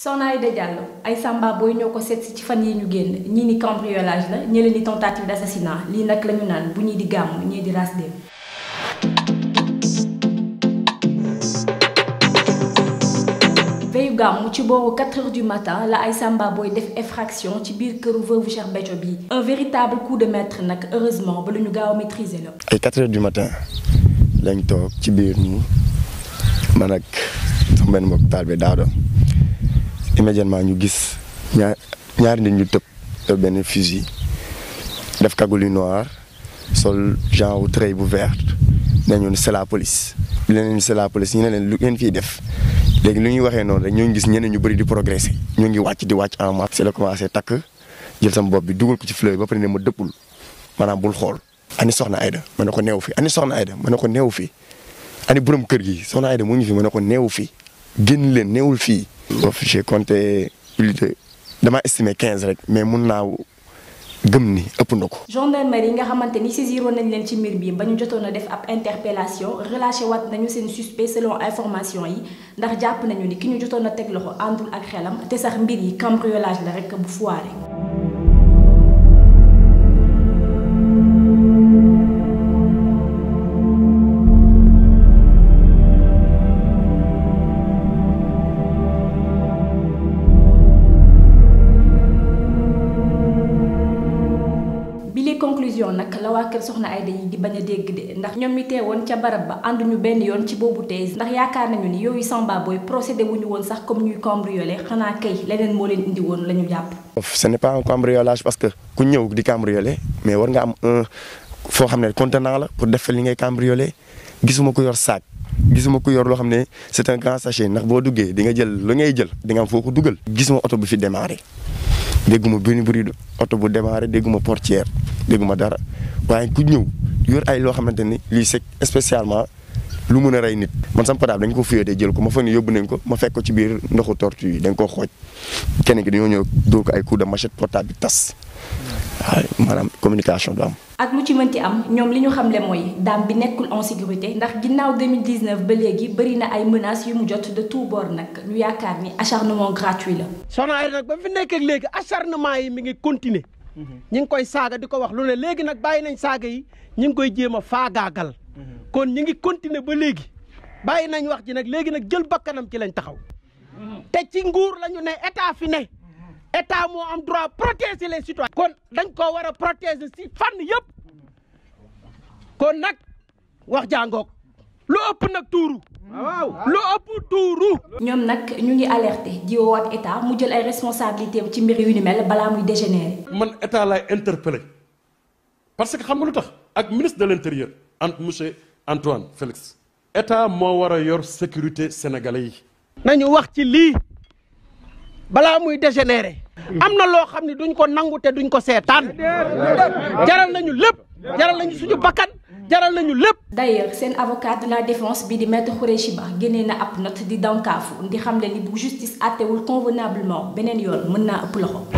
Soxna Aïda Diallo ay Samba booy ñoo ko seet si ci fan yi ñu génn ñii ni cambriolage la ñële ni tentative d'assassinat. assassinat lii nag la ñu naan bu ñii di gàmm ñii di ras dem veyu gàmm ci 4 heures du matin la ay Samba def effraction ci biir këru veuve Cheikh Béthio bi un véritable coup de maître nak, heureusement ba lu a maîtriser la. ay 4 heures du matin lañ toog ci biir manak, man ak sama benn mbokk bi immédiatement ñu gis ñaar ñaari nit ñu tëb yor benn fusil def cagoule yu noir sol genre trait bu vert ne ñun c'est la police. leneen la police ñu ne leen lu ngeen fiy def léegi lu ñuy waxee noonu rek ñoo ngi gis ñeneen ñu bëri di progresser ñoo ngi wàcc di wàcc en masse. c'est la commencé takk jël sama bopp bi dugal ko ci fleur ba pare ne ma dëppul maanaam bul xool. ani soxna ay ma ne ko neewu fi ani soxna Aida ma ne ko neewu fi ani borom kër gi soxna Aida mu ñu fi ma ne ko neewu fi génn leen neewul fii. j'ai compté plus de dama estimé 15 rek mais mun na gëm ni ëpp nako gendarmerie nga xamanteni ni saisiroon nañ leen ci mbir bi ba ñu def ab interpellation relâché wat nañu seen suspect selon information yi ndax japp nañu ni ki ñu jotoon tek loxo andul ak xélam té sax mbir yi cambriolage la rek bu foiré. nak la waa kër soxna ay yi di baña a dégg de ndax ñom mi teewoon ci barab ba andu ñu benn yoon ci bobu tees ndax yaakaar nañu ni yoyu Samba Boy procédé wuñu won sax comme ñuy cambriolé xana kay leneen mo leen indi won lañu japp ce n'est pas un cambriolage parce que ku ñëw di cambriolé mais war nga am un fo xamné ne contenant la pour def li ngay cambriolé gisuma ko yor sac gisuma ko yor lo xamné c'est un grand sachet ndax bo duggé di nga jël lu ngay jël di nga am foo ko gisuma auto bu fi démarré dégguma benn bruit oto bu démarré dégguma portière dégguma dara waaye ku ñëw yor ay loo xamante ni lii c'est spécialement lu mën a rey nit man sama portable dañ ko fiyatee jël ko ma fa ne yóbbu nañ ko ma fekk ko ci biir ndoxu tortue yi dañ koo xooj keneen ki dañoo ñëw dóor ko ay coup de machette portable tas waaw maanaam communication du am. ak lu ci mënti am ñoom li ñu xamle mooy Dame bi nekkul en sécurité ndax ginnaaw 2019 ba léegi bëri na ay menaces yu mu jot de tout bord nag ñu yaakaar ni acharnement gratuit la. soxna Aida nag ba fi nekk ak léegi acharnement yi mi ngi continuer mhm. ñu ngi koy saaga di ko wax lu ne léegi nag bàyyi nañ saaga yi ñu ngi koy jéem a faagaagal. kon ñu ngi continuer ba léegi bàyyi nañ wax ji nag léegi nag jël bakkanam ci lañ taxaw te ci nguur lañu ne état fi ne état moo am droit protéger les citoyens kon dañ koo war a protéger si fànn yëpp kon nag wax jàngoog lu ëpp nag tuuru waaw lu ëpp tuuru ñoom nag ñu ngi alerté di woowaat état mu jël ay responsabilité ci mbir yu ni mel balaa muy dégénérer man état laay interpellé parce que xam nga lu tax ak ministre de l' intérieur entre monsieur Antoine Félix état moo war a yor sécurité sénégalaise. yi. nañu wax ci lii balaa muy dégénérer. am na loo xam ne duñ ko nangu te duñ ko seetaan jaral nañu lépp jaral nañu suñu bakkan jaral nañu lépp. d'ailleurs seen avocat de la défense bi di maître Khoureyssi Ba génnee na ab note di dànkaafu di xam ne bu justice àttewul convenablement beneen yoon mën naa ëpp loxo.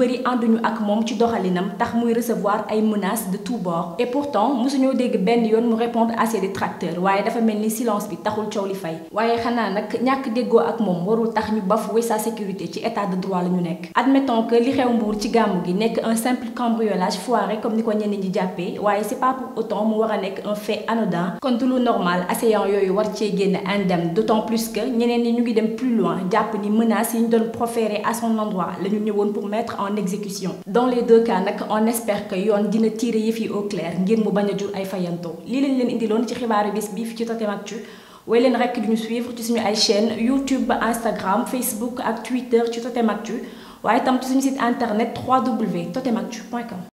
avons you ak mom ci doxalinam tax muy recevoir ay menaces de tous bords et pourtant dégg mu répondre à ses détracteurs dafa silence bi taxul fay waye xana nak ñak déggo ak mom warul tax ñu sa sécurité ci état de droit la ñu admettons que li xew Mbour ci un simple cambriolage foiré comme ni ko avons ñi un c'est pas autant mu un fait anodin lu normal assez war ci génn indemne d'autant plus que ñeneen ni ñu ngi plus loin ni menaces yi ñu proférer à son endroit la ñu pour mettre en en exécution dans les deux cas nak, on espère que yoon dina tirer yëf au clair ngir mu baña a jur ay fayanto. Li lañ leen indiloon ci xibaaru bis bi fi ci Totem way leen rek di ñu suivre ci suñu ay chaîne YouTube Instagram Facebook ak Twitter ci Totem Actu waaye tam ci suñu site internet www.totemactu.com